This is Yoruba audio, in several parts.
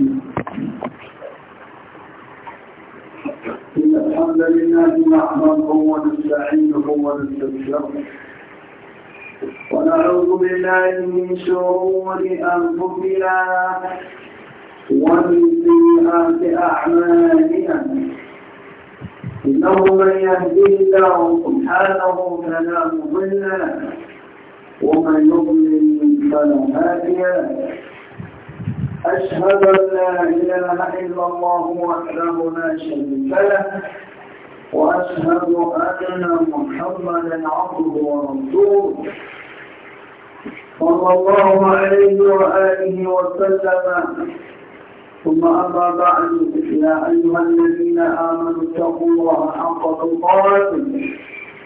إن الحمد لله نحمده ونستعينه ونستغفره ونعوذ بالله من شرور أنفسنا ومن سيئات أعمالنا إنه من يهديه الله سبحانه فلا مضل له ومن يضلل فلا هادي له أشهد أن لا إله إلا الله وحده لا شريك له وأشهد أن محمدا عبده ورسوله صلى الله عليه وآله وسلم ثم أما بعد يا أيها الذين آمنوا اتقوا الله حق تقاته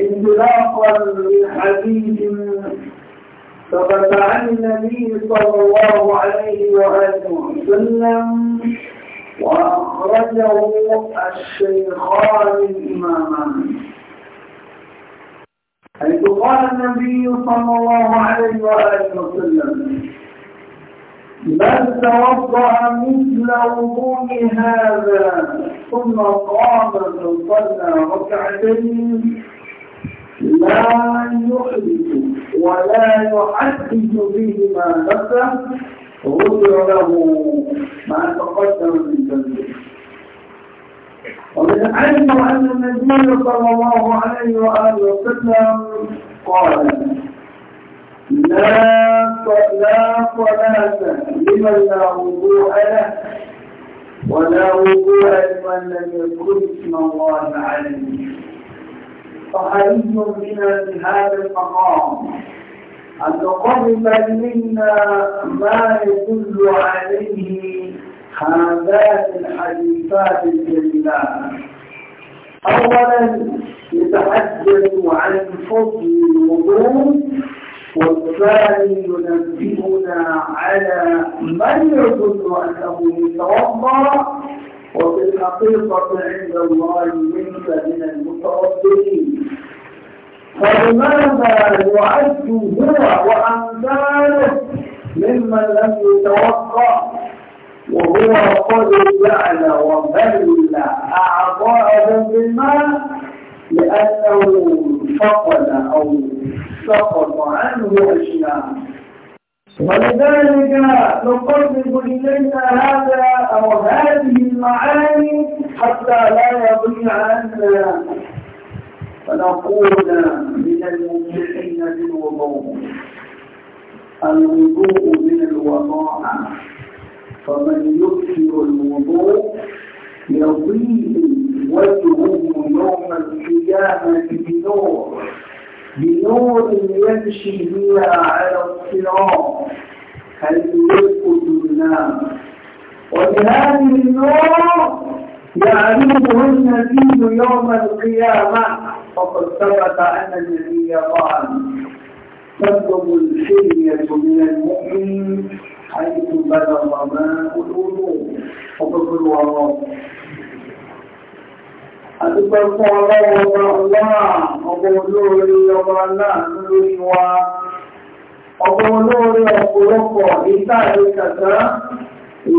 انطلاقا من حديث ثبت عن النبي صلى الله عليه وآله وسلم وأخرجه الشيخان اماما حيث قال النبي صلى الله عليه وآله وسلم من توضأ مثل وضوء هذا ثم قام فصلى ركعتين لا يحدث ولا يحدث به ما نفسه غفر له ما تقدم من ذنبه ومن علم أن النبي صلى الله عليه وآله وسلم قال لا لا صلاة لمن لا وضوء له ولا وضوء لمن لم يذكر اسم الله عليه فحري بنا بهذا المقام أن نقرب منا ما يدل عليه هذات الحديثات الجليلات أولا يتحدث عن فضل الوضوء والثاني ينبهنا على من يظن أنه يتوضأ وفي الحقيقة عند الله منك من المتوضئين فلماذا يعد هو وأمثاله ممن لم يتوقع وهو قد جعل وبل ذنب بالماء لأنه فقد أو سقط عنه أشياء ولذلك نقرب إلينا هذا أو هذه المعاني حتى لا يضيع عنا فنقول من المبدعين بالوضوء الوضوء من الوضاعة فمن يكثر الوضوء يضيء وجهه يوم القيامة بنور بنور يمشي بها على الصراط هل يسقط النار وبهذه النور يعرفه النبي يوم القيامة فقد ثبت أن النبي قال تطلب الحلية من المؤمن حيث بلغ ماء الوضوء وبكل وراء Àdúgbẹ́ fún ọlọ́wọ́ ọba ọba olóorí ọba náà lórí wa. Ọba olóorí ọ̀pọ̀lọpọ̀ ìta ìkàtà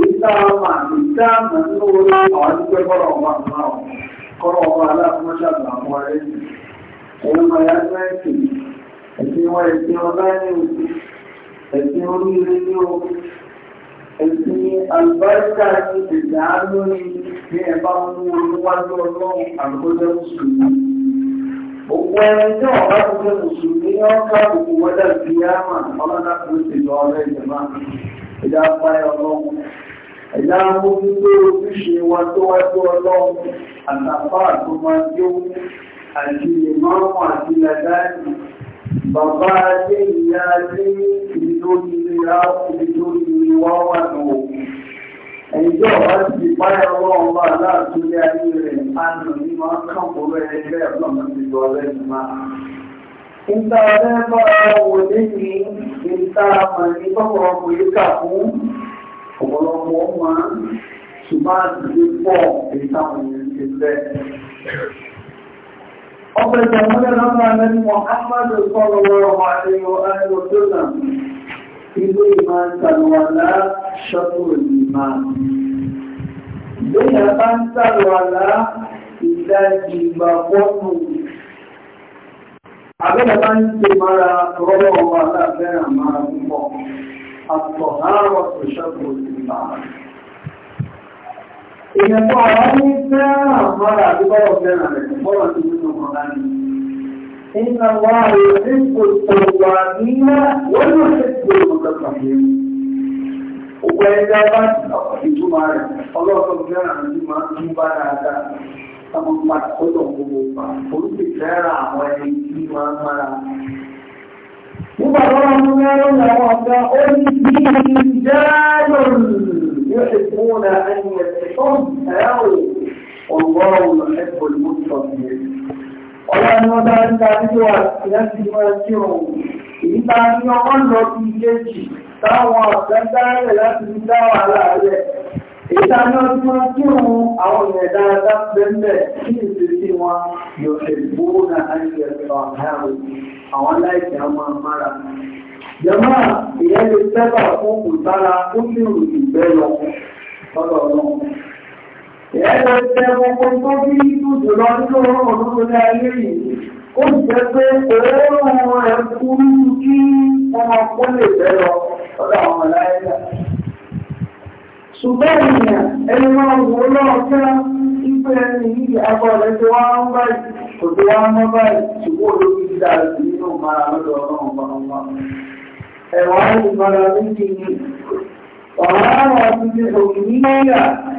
ìta àmà ìta àmà lórí àwọn àdúgbẹ́ bọ́rọ̀ ọba náà. Kọ́rọ̀ ọba aláàfọ́ṣàgbà àwọn ẹ̀rẹ́ ẹ̀rọ màá yá ẹ̀sìn ẹ̀sìn àlùbáríkà ní ìdá lórí ní ẹ̀bá mú olúwájú ọlọ́run àgbọ́jọ́ mùsùlùmí. Òkú ẹni tí wọ́n bá ti jẹ́ mùsùlùmí ní wọ́n ká gbogbo wọ́dà sí yáàmà ọlọ́dà tó ti lọ ọ̀rẹ́ ìjọba. Ìdá apáyé ọlọ́run. Ìdá amójútó ojúṣe wa tó wájú ọlọ́run àtàfà tó máa jó àti ìmọ̀ràn àti làdáàdì. Bàbá Adé ìyá Adé ìlú wá wà ní òkun ẹ̀yìnjọ́ ọ̀bá ti báyà ọlọ́run bá aláàtúndé ayé rẹ̀ àná ní máa ń kàn fún rẹ̀ ẹgbẹ́ ọlọ́run ti lọ lẹ́nu máa. Ìta lẹ́bà wò lẹ́yìn ìta màní bọ́bọ̀ ọkùnrin kà fún ọ̀pọ̀lọpọ̀ ọmọ ṣùgbọ́n àti pọ̀ ìta màní ti lẹ́. Ọ̀pẹ̀ ìtàmúlẹ̀ lọ́nà ẹni Mọ̀hámàdù sọ̀rọ̀ wọ̀rọ̀ àti ìwọ̀ ẹni ilé máa ń tàlùwàlá ṣọ́pù ìmá. Bẹ́yà bá ń tàlùwàlá ìdájì ìgbàgbọ́nù. Àbẹ́yà bá ń ṣe mara rọ́rọ̀ wà lábẹ́ràn máa púpọ̀. Àtọ̀hárọ̀ tó ṣọ́pù ìmá. Ìyẹ̀kọ́ àwọn ní fẹ́ràn mara àbíbọ̀rọ̀ fẹ́ràn rẹ̀ bọ́rọ̀ tó nínú ọ̀rá ni. إن الله يحب التوابين ويحب المتطهرين وإذا بات ìtumọ̀ rẹ̀ ọlọ́ọ̀tọ̀ jẹ́ àjúmọ̀ ń bá dáadáa sáwọn pàtàkì ọjọ́ gbogbo pa orúkè fẹ́ra àwọn ẹni tí máa ń mara nígbà tó wọ́n mú mẹ́rọ làwọn ọ̀gá ó ní bí i jẹ́rọ yóò ṣe fún ẹni ẹ̀sẹ̀ tó ń ẹ̀rọ ọ̀gbọ́n ẹ̀kọ́ ìmúṣọ̀ yẹn ọ̀rọ̀ ni wọ́n dáa ń darí tó wà ìrẹsì mọ́ ẹkí ọ̀hún èyí ta ní ọkọ́ lọ sí ilé jì táwọn ọ̀sẹ̀ dáàrẹ̀ láti fi dá wà láàárẹ̀ èyí ta ní ọdún mọ́ kí òun àwọn èèyàn dáadáa bẹ́ẹ̀ kí ní wọn yóò ṣe gbówó náà láti àwọn láìsí àwọn amára jọmọ́ ìyẹn lè tẹ́bà fún òtara ó sì rò ìgbẹ́ lọ Ẹ̀rọ ìṣẹ́gun gbogbo bí ìtùjù ọ̀rọ̀ àwọn ọ̀láyà. Ṣùgbọ́n ènìyàn, ẹni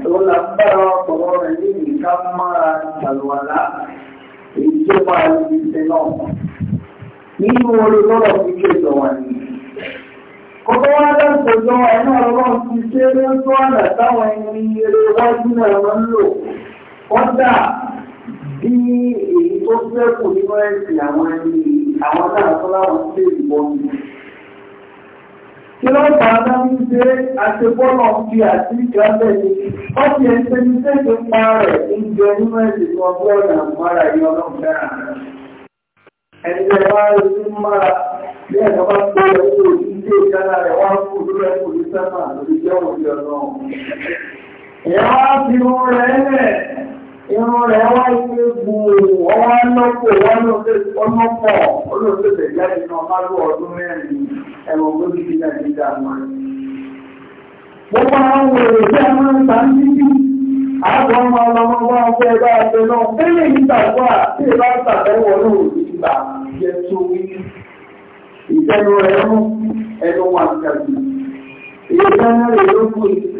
tó lágbára ọ̀pọ̀lọ́ rẹ̀ ní ìka mára ìtàlùwàlá èyí tó máa ń fi ṣe náà. Nínú orin lọ́rọ̀ fi ṣe ìjọba ni. Kókó wá dáńtò jọ ẹ̀nà ọlọ́run ti ṣe lójú ọ̀nà táwọn ẹni eré wájú náà máa ń lò. Kọ́dà bí èyí tó ṣẹ́kù nínú ẹ̀sìn àwọn ẹni àwọn náà tó láwọn ṣe ìbọn yìí kí ló ń bàá náà ń ṣe àṣepọ́nà fi àti ìgbàgbẹ́ ni ó ti ẹ̀ ń ṣe ní sẹ́ẹ̀kì pa rẹ̀ ń jẹ nínú ẹ̀sìn kan bọ́ọ̀lù àmọ́ra yìí ọlọ́run dára ẹni rẹ̀ wá rẹ̀ irun rẹ̀ wá ilé gbòòrò wọ́n wá lọ́pọ̀ wọ́n lọ́pọ̀ jáde náà má lọ ọdún mẹ́rin ẹ̀wọ̀n tó ti gbígbà wọn. gbogbo àwọn wèrè tí a máa ń ta ń bíbí àwọn ọmọ ọlọmọ wá ọgbẹ́ ẹgbẹ́ àgbẹ̀ náà bẹ́ẹ̀ nígbà wà tí ìbá tàbẹ́wọ̀ náà ò ti gbà jẹ́ tó wí. ìtẹnu rẹ̀ mú ẹnu wọn àti ìtẹnu rẹ̀ ló ìtẹ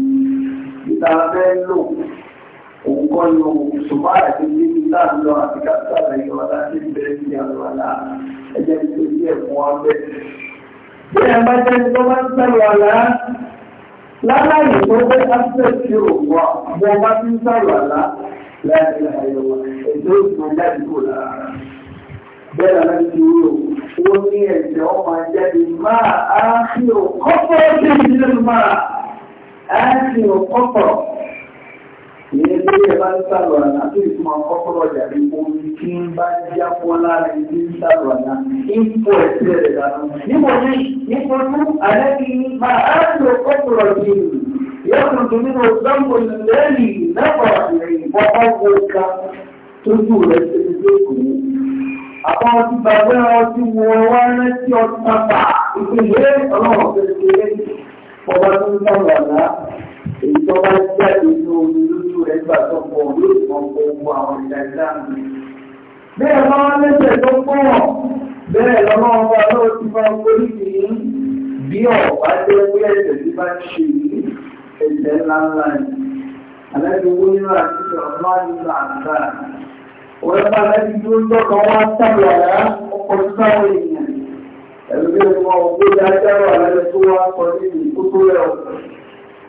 ìta fẹ́ lò òun kọ́ ní ohun ṣùgbọ́n àti ní ìta lọ àti kápítà lẹ́yìn ọ̀la ní ìbẹ̀rẹ̀ sí àwọn ọ̀la ẹ̀jẹ̀ tó yí ẹ̀kún wa bẹ́ẹ̀. bí ẹ bá jẹ́ tó bá ń sọ̀rọ̀ àlá láláyè tó fẹ́ access sí òun wa mo bá ti ń sọ̀rọ̀ àlá láàrin ní ẹ̀jẹ̀ ọmọ jáde máa á sí òkọ́kọ́ sí ìdílé máa áàkì ọ̀pọ̀pọ̀ ní ẹgbẹ́ yẹn bá ń sàrò àná tó ìtumọ̀ ọ̀pọ̀pọ̀ ọjà ní omi kí ń bá já fún lára ìdí ń sàrò àná ipò ẹ̀sẹ̀ rẹ̀ dànù. nítorí nítorí àlẹ́bí máa áàkì ọ̀pọ̀pọ̀ ọjà yọ̀ọ̀dùn nínú ọ̀dọ́mọ̀ lẹ́yìn lẹ́kọ̀ọ́ ìrìn ìfọwọ́wọ́ tójú rẹ̀ ṣe ti dé kù. Àwọn ọtí gbàgbé ọtí wọ wá rántí ọtí pàpà ìpínlẹ̀ ọlọ́run fèrèsé lẹ́yìn ọba tó ń sábà lá èyí tó bá jáde ní omi lójú rẹ̀ gbà tó pọ̀ yóò mọ gbogbo àwọn ìdá ìdáhùn mi. bẹ́ẹ̀ máa ń lẹ́sẹ̀ tó pọ̀ bẹ́ẹ̀ lọ́mọ ọba náà ti máa ń pé nìyí bí ọ̀pá jẹ́ pé ẹ̀sẹ̀ tí bá ń ṣe yìí ẹ̀sẹ̀ ńláńlá ni. àlejò owó nínú àti ọ̀nà nínú àgbà. òun bá lẹ́yìn tó ń tọ́kọ̀ wá sábà rẹ̀ ọkọ̀ sáwọn èèyàn ẹ̀lúgbé ọmọ ògbójá jẹ́rọ alẹ́ tó wá sọ ní ìkótó rẹ̀ ọ̀pọ̀.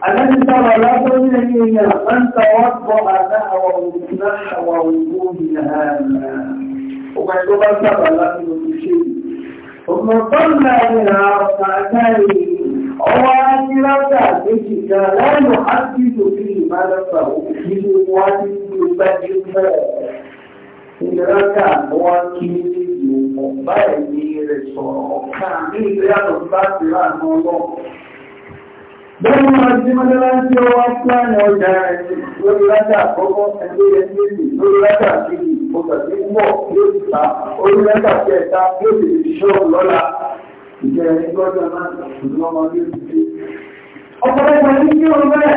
Àlẹ́ni sára lásán ní ẹni èèyàn máa ń ta wá bọ́ àdá àwọn òun náà àwọn òun wọ́n kí ní ọ̀bá ẹ̀mí rẹ̀ sọ̀rọ̀ ọ̀kan ní ìgbéyàtọ̀ bá ti rà ní ọlọ́ Bẹ́ẹ̀ni wọn ti mọ́ lọ́wọ́ tí ó wá pláàni ọjà ẹni lórí lájà àkọ́kọ́ ẹgbẹ́ ẹni méjì lórí lájà kìí ọgbàtí wọ̀ yóò ti ta orí lájà kẹta yóò ti fi o bẹ́ẹ̀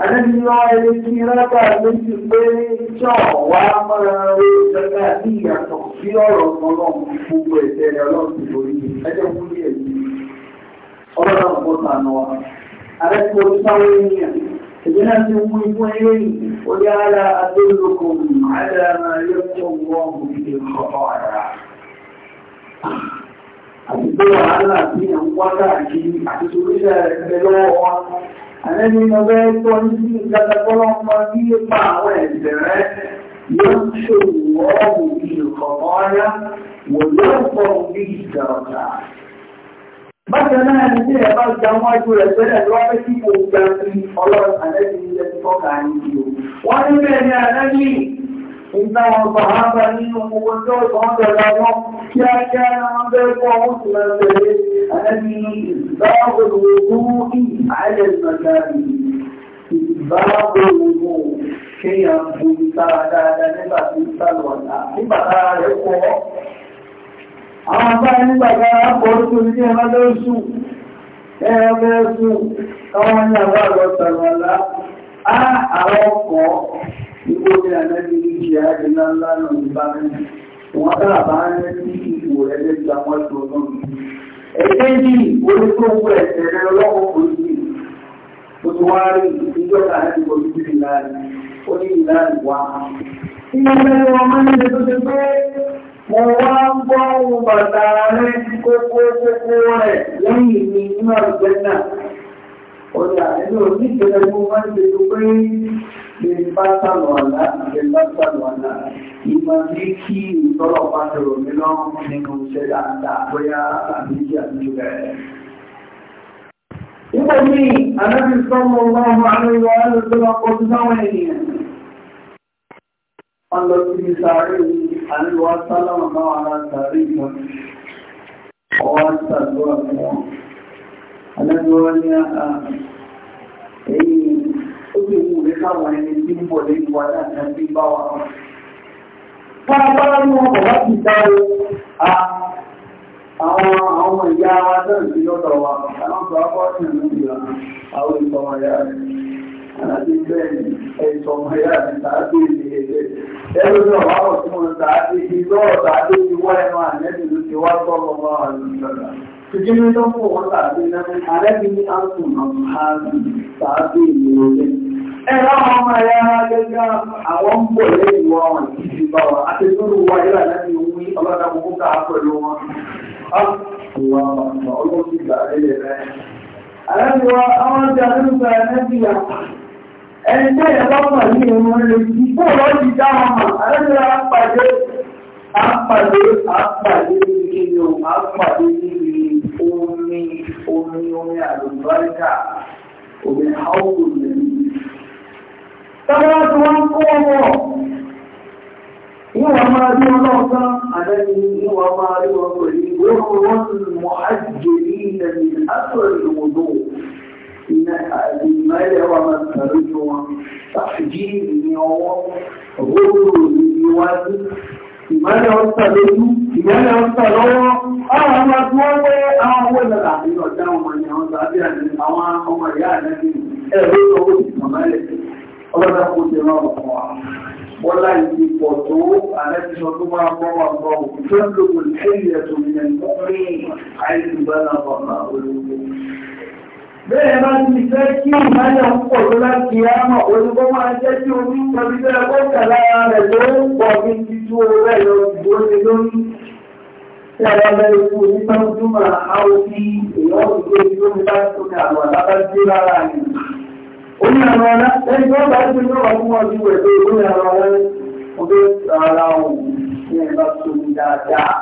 àdébíyọ́ ẹni tí rábà lójú pé tíọ̀ wá mọ́ra rẹ̀ ìjọba ní ìyàtọ̀ sí ọ̀rọ̀ ọlọ́run gbogbo ẹ̀tẹ́ ọlọ́run ti borí ẹjọ́ fún ní ẹ̀yí ọlọ́run kò tànà wa àdébíyọ́ sáré ènìyàn ti mú ikú ẹ̀yìn àlẹ́ni mo bẹ́ tọ́ ní sí ìgbàgbọ́lọ́ ọmọ bí ipa àwọn ẹ̀jẹ̀ rẹ yóò ṣe ìwọ́ọ̀wù ìlúkọ̀ọ́yá wò yóò pọ̀ bí ìjọba. Bákan náà ní tí ẹ bá gba wájú rẹ̀ sẹ́lẹ̀ ló wáyé tí mo gba sí ọlọ́run àlẹ́ni ilẹ̀ tí kà á ní ìlú. Wọ́n ní bẹ́ẹ̀ ni àlẹ́ni ìtàwọn bàbá nínú ọjọ́ ìgbọ́ndọ̀lá wọn kí a jẹ́ àwọn bẹ́ẹ̀ fún ọmọ ìlànà tẹ̀lé àẹ́bí ìbáwọ̀ ògùn ìhàlẹ̀ ìgbàgbàrí ìbáwọ̀ ògùn kéèyàn bomi sára dáadáa nígbà tí ń sálọ ọ̀nà nígbà tára rẹ̀ pọ̀ àwọn abáyé nígbà tára pọ̀ tó ní ẹran lóṣù ẹran káwọn ní àwọn ọkọ̀ Ipò ní ànábì ní jihadi ńláńlá náà ní bá mẹ́rin. Wọ́n sábà bá ń rẹ́ sí ipò rẹ̀ lẹ́gbàá wọn tó náà. Ẹgbẹ́ yìí, orí tó wú ẹ̀sẹ̀ rẹ̀ lọ́wọ́ kò sí. Mo ti wá rí ìjọba àti ìbòjú sí ìlànà. Ó ní ìlànà wá. Ìyá mẹ́rin wọn máa ń lè tó ṣe pé mo wá ń gbọ́ ohun bàtà rẹ̀ kókó kókó rẹ̀ lẹ́yìn mi nínú àgbẹ̀ náà. Ọ̀dà ẹni ò ní ìṣẹ̀lẹ̀ mo pé lè bá sàlù àlá lè bá sàlù àlá ìmọ̀ ní kí ìtọ́lọ̀ bá dọ̀rọ̀ mi lọ nínú iṣẹ́ dáadáa bóyá àbíjì àbíjì bẹ̀rẹ̀. Nígbà míì, àdájú sọ́mọ ọlọ́run àríwá alùsọ́lá ọdún sáwọn ènìyàn. Wọ́n lọ sí sàárè àríwá sálọ́mọ̀ náà ara sàárè ìtàn. Ọwọ́ sàdúrà fún Àdájú wọn ní káwọn ẹni tí ń bọ̀ lẹ́nu wa náà náà fi bá wa. Pápá ní wọn kò bá ti àwọn ìyá wa náà ti lọ́dọ̀ wa, àwọn tó wákọ́ ní ìlú àwọn ìtọ́mọ ìyá ní ọ̀wá fún wọn tàbí náà, àrẹ́bí ní àǹtùn àmì tàbí ìlú ẹ̀jẹ̀ ẹ̀rọ àwọn ọmọ ẹ̀yà gẹ́gẹ́ àwọn ń bọ̀ lẹ́yìn wọn wọn kì bá wọn àti lórí wa ilé àdáni òun ní ọlọ́dà gbogbo ká pẹ̀lú wọn. a kò wá ọmọ ọlọ́sìn ìgbà lẹ́yìn rẹ̀. àlejò àwọn ọjà nínú ẹ̀ ẹ̀ẹ́dì yà ẹni tẹ́ ẹ̀ bá wà ní ìrún rẹ̀ ìbò Tọ́lá tí wọ́n kó ọmọ ìwà máa rí ọlọ́ọ̀tán àdájú ìwà máa rí ọmọ ìwé wọn mọ̀ ájèrí ìlẹ̀lẹ̀ àtọ̀rẹ̀ ìwòdó ìmẹ́lẹ̀ wà máa tàbí jù wọn. Tàfìjì ìrìn ọwọ́, òwúrò ìwájú, ìmẹ́lẹ̀ ọ̀tà lójú, ìmẹ́lẹ̀ ọ̀tà lọ́wọ́, àwọn ọmọ tí wọ́n wé àwọn owó ìlànà àti ọ̀dá ọmọ ìyàwó tàbí àwọn ọmọ ìyá àdájú ẹ̀rọ ìwòdó ìmọ̀lẹ̀ ọlọ́dà kò jẹ náà fún wa wọ́n láì fi pọ̀ tó àlẹ́sìnà tó máa bọ́ wà bọ́ tó ń lò pẹ̀lú ẹ̀yẹ tó ní ẹ̀mọ́ rí àìsí bá náà bọ̀ náà olóògbé bẹ́ẹ̀ bá ti fẹ́ kí ìmáyà ń pọ̀ tó láti rámọ̀ olùkọ́ máa jẹ́ kí omi ń pọ̀ bíbẹ́ ọgọ́ta lára rẹ̀ tó ń pọ̀ bí ti tú owó ẹ̀ lọ ìbò ṣe lórí ẹ̀rọ mẹ́rin fún onítọ́jú máa á ó bí èèyàn òṣìṣẹ́ ìlú mi bá tó ní àwọn àlábájú lára rẹ̀ oní àwọn ọlá ẹni tó bá ti lọ́wọ́ fún ọdún rẹ̀ pé oní àwọn ọlá ọdún ara òun ní ẹ̀bá tó ní dáadáa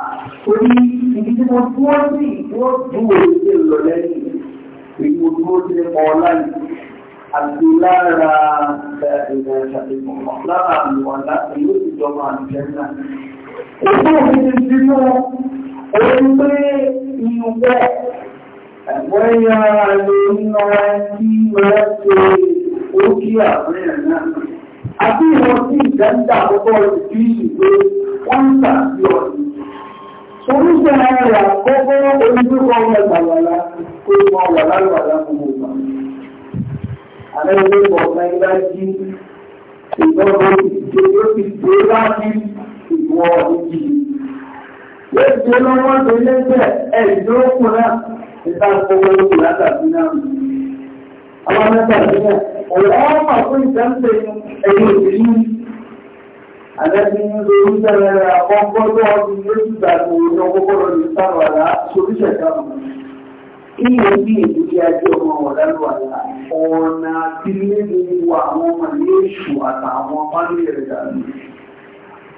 ó ní ibi tí mo dúró sí ìdúró dúró sí lọ lẹ́yìn èyí mo dúró sí ẹ̀kọ́ ọlá yìí àti lára ó sì jọba àtijọ́ náà. pé ìwọ Bóyá lè lọ sí máa ṣe orí àwẹ́rẹ̀ náà. Àbí ìwọ̀n sí ìdẹ́ndà àkọ́kọ́ ìbíṣì pé wọ́n ń tàbí ọ̀dún. Solúṣẹ́ rẹ̀ àkọ́kọ́ onígbókọ́ ọmọdàwàlá kó mọ wà lálùwàlá gbogbo ìgbà. Àrẹ ilé ọ̀gá ilá jí ìjọba ìjẹ́ yóò fi dé láti ìwọ̀ lọ́wọ́ tó lẹ́gbẹ̀ẹ́ ẹ̀dùn ó kùnà ìta ìfowó lókè látàbí náà àwọn mẹ́ta ìfẹ́ ọ̀rọ̀ ọmọ fún ìtẹ́ǹtẹ̀ ẹ̀yìn òbí àdẹ́bìnrin lórí tẹ́lẹ̀ àkọ́kọ́ tó ọdún méjì gbàgbọ́ ọjọ́ kọ́kọ́rọ́ ní sáwà lá sóríṣẹ̀ káàmù ìyẹ bí ìdílé ajé ọmọ ọ̀dálù àlá ọ̀nà àti nílùú àwọn ọmọ ilé ìṣù àtàwọn fámìlì rẹ̀ dànù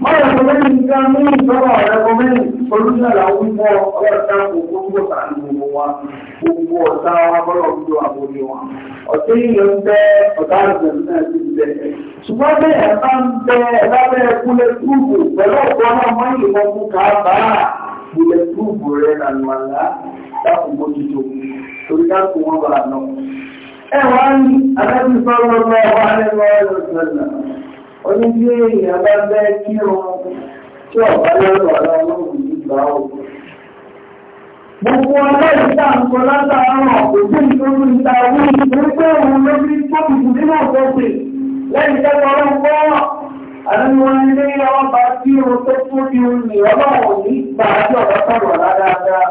Máyà tó lẹ́yìn nǹkan ní ìjọba ọ̀rẹ́ gómìn solúṣà làwọn ìmọ̀ ọlọ́ta gbogbo tó tà ní gbogbo wa, gbogbo ọ̀tá wa bọ́lọ̀ gbogbo àbòrí wa. Ọ̀tẹ́ ìyẹn ń bẹ́ ọ̀tá ìgbẹ̀rún náà ti bẹ̀. Ṣùgbọ́n bí ẹ̀ka ń bẹ ẹ̀ka bẹ́ẹ̀ kúlẹ̀ túbù pẹ̀lú ọ̀pọ̀ náà oní bí èèyàn bá bẹ́ kí wọn tí ọ̀pá lọ́rọ̀ ọlọ́run ìgbà ogun. Gbogbo aláìsá ń kọ látàárọ̀ òkú ìtọ́jú ìta orí ìgbésẹ̀ òun ló bí tóbi jù nínú ọ̀sọ̀sẹ̀ lẹ́yìn tẹ́kọ̀ ọlọ́pọ̀ àdúgbò wọn ní ọwọ́ bá kí wọn tó tóbi ní ọlọ́run ní ìgbà àti ọ̀rọ̀ sọ̀rọ̀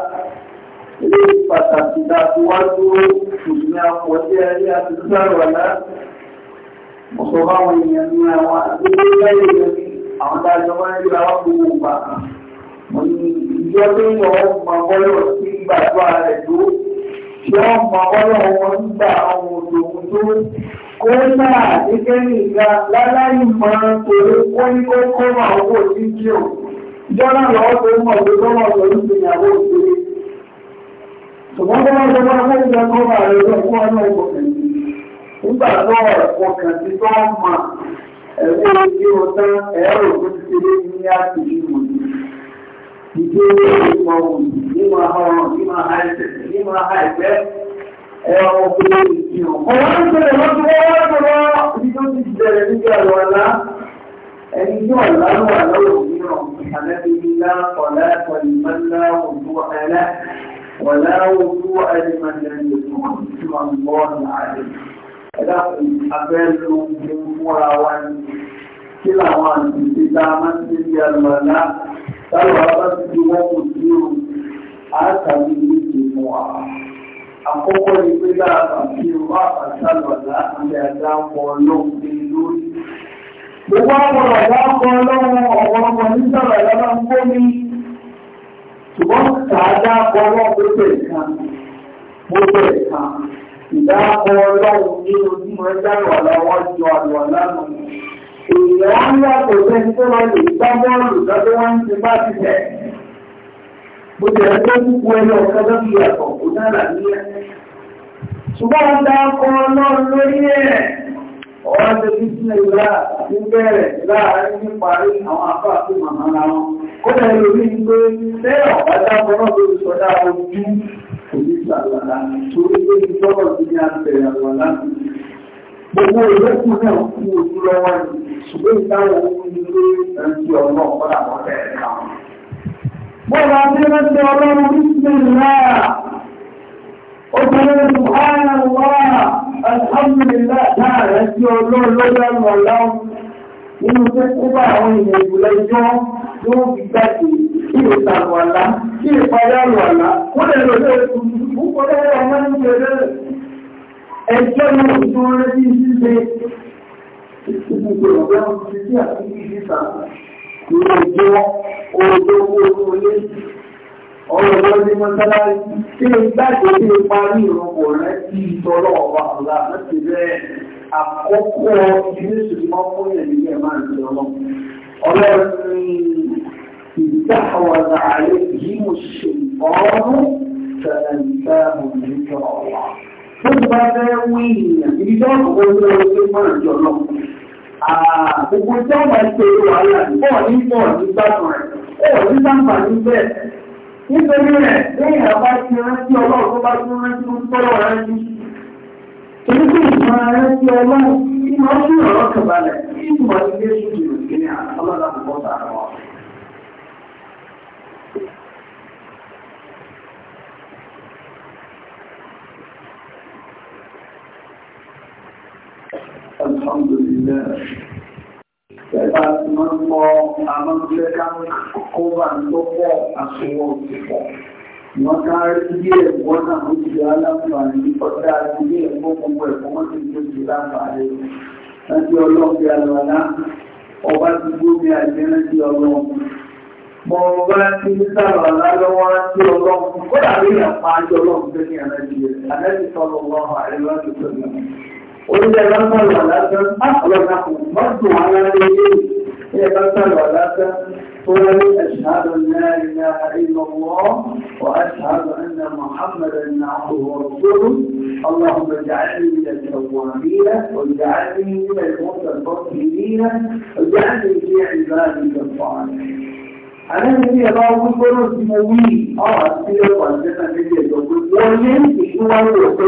Ilé pàtàkì dáa tó wá ẹ̀rí àti sọ̀rọ̀ náà mo sọ báwọn èèyàn ní àwọn àgbégbé lẹ́yìn rẹ̀ ní àwọn dájọ́ máa ń rí àwọn gbogbo ìgbà mo ní ìjọ tó ń yọ̀wọ́ máa bọ́lọ̀ sí ìgbàdúrà rẹ̀ tó ṣé wọ́n máa bọ́lọ̀ wọn nígbà àwọn òdòwò tó kó náà gẹ́gẹ́ ní ìgbà láláì máa ń torí kó ní kó kó máa wò sí kí o ìjọ náà lọ́wọ́ tó mọ̀ pé tó mọ̀ tó máa ń sọ fún akẹ́kọ̀ọ́ nígbà náà ọkàn ti tọ́ mà ẹ̀rọ ìdí ọ̀tá ẹ̀rọ tó ti ṣe lé ní àtìlú wòlíì ìdí ọ̀rọ̀ ìmọ̀ wòlíì nímọ̀ ọ̀rọ̀ nímọ̀ àìsẹ̀ nímọ̀ àìsẹ̀ ẹ̀rọ tó ti hàn. ọ̀rọ̀ ń ṣẹlẹ̀ lọ́dún wọ́n wọ́n lọ́wọ́ ibi tó ti bẹ̀rẹ̀ níbi àlọ́ àlá ẹni tí wọ́n lọ́wọ́ wà lọ́wọ́ mìíràn àlẹ́bíyá ọ̀lá ọ̀lìmọ́lá òdú ẹ̀lẹ́ ọ̀lá òdú ẹ̀lẹ́mọ̀lẹ́ ẹ̀dá abẹ́ ló gbé múra wá ní kí làwọn àtìsí tá a máa ń ṣe bí alùmọ̀lá táwọn bá ti di wọ́n kò sí o àátàbí ní ìlú wa. Àkọ́kọ́ ni pé láàbà bí o wá àbàtà lọ̀lá àti àdá ọkọ̀ ọlọ́run lé lórí. Gbogbo àwọn ọ̀dà ọkọ̀ ọlọ́run ọ̀pọ̀lọpọ̀ ní sọ̀rọ̀ ìlọ́lá ń kó mi. Ṣùgbọ́n tàádá ọkọ̀ ọlọ́run tó tẹ̀ kan. Mo kan ìdáàbò ọlọ́run ní ojúmọ̀ ẹgbẹ̀rún àláwọ́ jọ àlọ́ lánàá. Èèyàn wọ́n yàtọ̀ pé ń tó lọ́lẹ̀ ìgbá bọ́ọ̀lù lọ́dọ́ wọ́n ti bá ti tẹ̀. Mo jẹ́ ẹgbẹ́ púpọ̀ ẹlọ ọ̀kadọ́ fi ẹ̀kọ́ kò dára ní ẹ̀. Ṣùgbọ́n wọ́n dá ọkọ̀ ọlọ́run lórí ẹ̀. Ọ̀rọ̀ ti fi sílẹ̀ ìlà ní bẹ̀rẹ̀ láàárín ní parí àwọn afá àti oníṣà àwàdà torí pé ti tọ́rọ̀ sí ní àbẹ̀rẹ̀ àwàdà gbogbo ìlẹ́kù náà kú ojú lọ́wọ́ ni ṣùgbọ́n ìdáwọ̀ ohun ilé ẹ̀ǹtì ọ̀nà ọ̀pọ̀lá ọ̀tẹ̀ ẹ̀ka. Bọ́ọ̀lù Adérántí ọlọ́run Bísímìláà, obìnrin Bùhánà wà Alhamdulilá láàrẹ̀ ọlọ́run lórí ọ̀nà ọ̀láwọ̀ nínú tó kú bá àwọn ìrìnàjò kí ìpadà wàlá ó lè lọ sí ọmọ ní ẹ̀rẹ́ ẹjọ́ ní ọjọ́ ọjọ́ owó olé ọ̀rọ̀ lọ sí mọ́sálárì tí ó gbájọ́ sí parí ìrọ̀pọ̀ rẹ̀ sí ìtọ́lọ̀ ọba ọ̀gá láti rẹ̀ àkọ́kọ́ ilé استحوذ عليهم الشيطان فأنساهم ذكر الله ثم داوين بدون قول من جلوم gbogbo tí wọ́n bá ṣe wàhálà pọ̀ ní pọ̀ nígbàtàn rẹ̀ pọ̀ ní sáǹfà ní bẹ́ẹ̀ nítorí rẹ̀ lẹ́yìn àbá ti rántí ọlọ́run tó bá tún rántí tó tọ́lọ̀ rántí torí pé ìmọ̀ Alhamdulillah. Ẹ̀bá ti máa ń mọ àmọ́fẹ́ káàkiri kó bá ń tó pọ̀ àṣewọ̀ ti pọ̀. Wọ́n ká rí díẹ̀ wọ́n náà ó ti aláǹfààní ọ̀dá àti ilé ẹ̀kọ́ gbogbo ẹ̀kọ́ wọ́n ti tó ti láǹfààní. Láti ọlọ́ọ̀bẹ àlọ́lá, ọba ti gbóbi àjẹ́rẹ́ sí ọlọ́run. Mọ ọba ti ń sàrọ̀ lálọ́wọ́ sí ọlọ́run. Kódà rí àpá àjọ ọlọ́run tó oúnjẹ lọ́sàn wà lásán ọlọ́dà kò mọ́tò ara rẹ̀ yé ilẹ̀ lọ́sàn wà lásán tó rẹ̀ ní ẹ̀ṣàdọ̀ náà ilẹ̀ àìlọ́wọ́ wà ẹ̀ṣàdọ̀ ẹ̀nà muhammad ẹ̀nà àwòrán اللهم اجعلني من التوابين واجعلني من المتفكرين واجعلني في عبادك الصالحين àwọn ẹni ẹ̀bá ọdún gbọ́dọ̀ tí mo wí ọ̀rọ̀ àti ẹ̀kọ́ àti ẹ̀kọ́ àti ẹ̀kọ́ wọ́n yé ìṣúwárò pé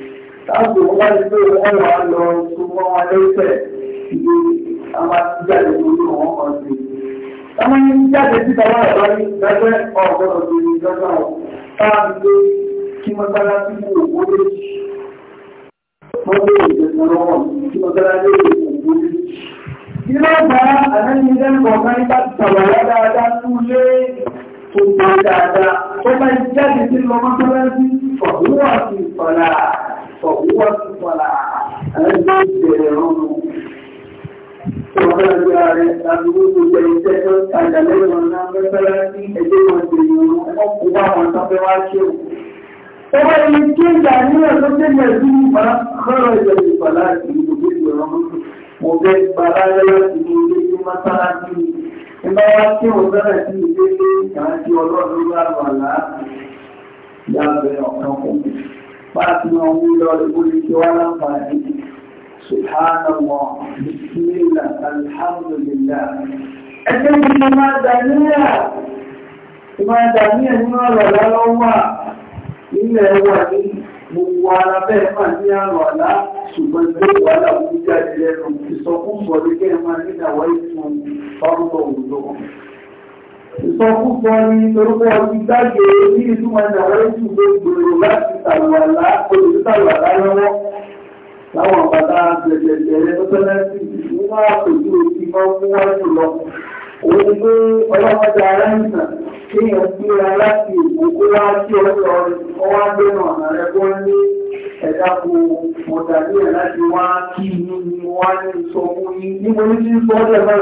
láti wọ́n wáyé pé wọ́n wà lọ súnmọ́ wọn lẹ́sẹ̀ ibi amájíjáde lórí wọn kan sí. Táwọn yìí jáde síta láyé bá ní ìdájọ́ ọ̀gbọ́dọ̀ tó ní ìjọba wọn. Táàbí pé kí mọ́sálásí ní òkú lójì. Wọ́n lé ìjọba lọ́wọ́ kí mọ́sálásí ní òkú lójì. Ilé ọgbà àdáyé lẹ́kọ̀ọ́ kan nípa ìtàwọ̀lá dáadáa tún lé tó gbé dáadáa. Tó bá jáde sí lọ mọ́sálásí, fọ̀dúnwà sí ìfọ̀lá. فهو الصلاة الذي يرونه Ọ̀pọ̀lọpọ̀ ààrẹ àdúgbò jẹ iṣẹ́ tó tàjàlẹ́ ìrọ̀nà mẹ́fẹ́lá sí ẹjẹ́ wọn ti yìí ọkùn bá wọn tọ́fẹ́ wá ṣe ò. Ó bá yí kí ìjà ní ọ̀tọ́ tẹ́lẹ̀ sí ìgbà kọ́rọ̀ ìjọ ìgbàlá àti ìgbòkè ìrọ̀nà mo fẹ́ gbàlá láti ní ilé tí mọ́sálásí. Ìgbà wá kí òun bẹ̀rẹ̀ sí ilé tí ìjà فاطمة أولى لملك ولا قائد سبحان الله بسم الله الحمد لله أتمنى ما دانية ما دانية ما ولا لوما إلا هو gbogbo ara bẹ́ẹ̀ máa ní àrọ̀ àlá ṣùgbọ́n tó wà láwùjá ìrẹ́rùn ìsọkúnbọ̀ lókè máa nígbàwọ́ ìtún ọrùn òwúrọ̀ ìsọkúpọ̀ ní torúkọ ti gbáyé ní ìtumọ̀ ìdàwọ́ ètù gbogbo láti tàwàlá olùsàwàlá lọ́wọ́ láwọn bàbá gbẹ̀gbẹ̀gbẹ̀ lọ́tọ́lẹ́sì nínú àpòjú òfin máa mú wájú lọ òun pé ọlọ́mọdé ara ìsàn kéèyàn gbéra láti òkú kó wá sí ọjọ́ ọwá gbẹ́nà ọ̀nà láti wá kí ní wá ní sọ fún yín níbo ní sọ ọ́dẹ̀ náà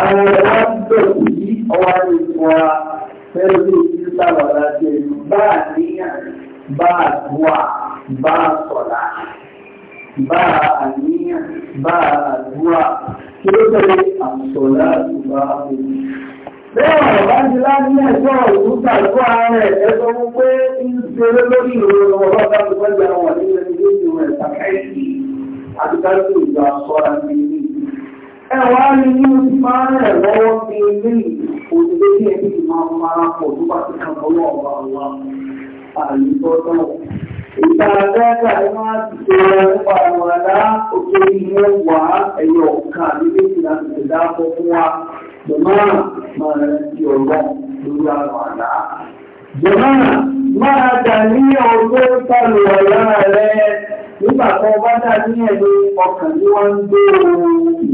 àwọn ọ̀rọ̀ wá ń bẹ̀rù ní ọwọ́ àti ìfọ̀ra fẹ́rẹ́ bí ìdí sábà láti ẹnu bá àníyàn bá àdúrà bá sọ̀lá bá àníyàn bá àdúrà kí ló tẹ̀lé àsọ̀lá ìbá òun. Bẹ́ẹ̀ ọ̀rọ̀ bá ti ẹwà ní ní o ti máa ń rẹ̀ lọ́wọ́ sí ilé òṣèré ní ẹbí ti máa máa pọ̀ tó bá ti kan lọ́wọ́ ọ̀rọ̀ àwọn àyíkọ́tọ̀ ìta àgbẹ́gbà ni wọ́n ti ṣe ọ̀rọ̀ nípa àwọn àdá òkè ilé wà ẹ̀yọ̀ ọ̀kan ní méjì láti ṣe dáàbọ̀ fún wa jọ̀mọ́nà máa rẹ̀ ti ọ̀rọ̀ lórí àwọn àdá jọ̀mọ́nà máa dà ní ọgbẹ́ pàlù ọ̀rọ̀ rẹ̀ nígbà kan bá dà ní ẹ̀dùn ọkàn tí wọ́n ń gbé ohun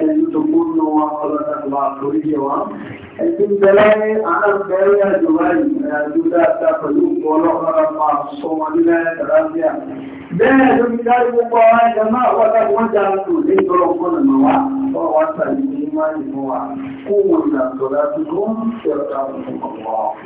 ẹni tó kún ní wọn ọlọ́dàgbà àforíjẹ wa ẹni bẹ̀rẹ̀ àbẹ̀rẹ̀ àjọba ìrìnàjò dáadáa pẹ̀lú ọlọ́pàá máa sọ wọn nílẹ̀ tàbíà bẹ́ẹ̀ ló fi dárí gbogbo àwọn ẹ̀jẹ̀ máa wọ́dà wọ́n já lù ní ìtọ́lọ̀ gbọ́nà mọ́ wa wọ́n wá sàlẹ̀ ní máa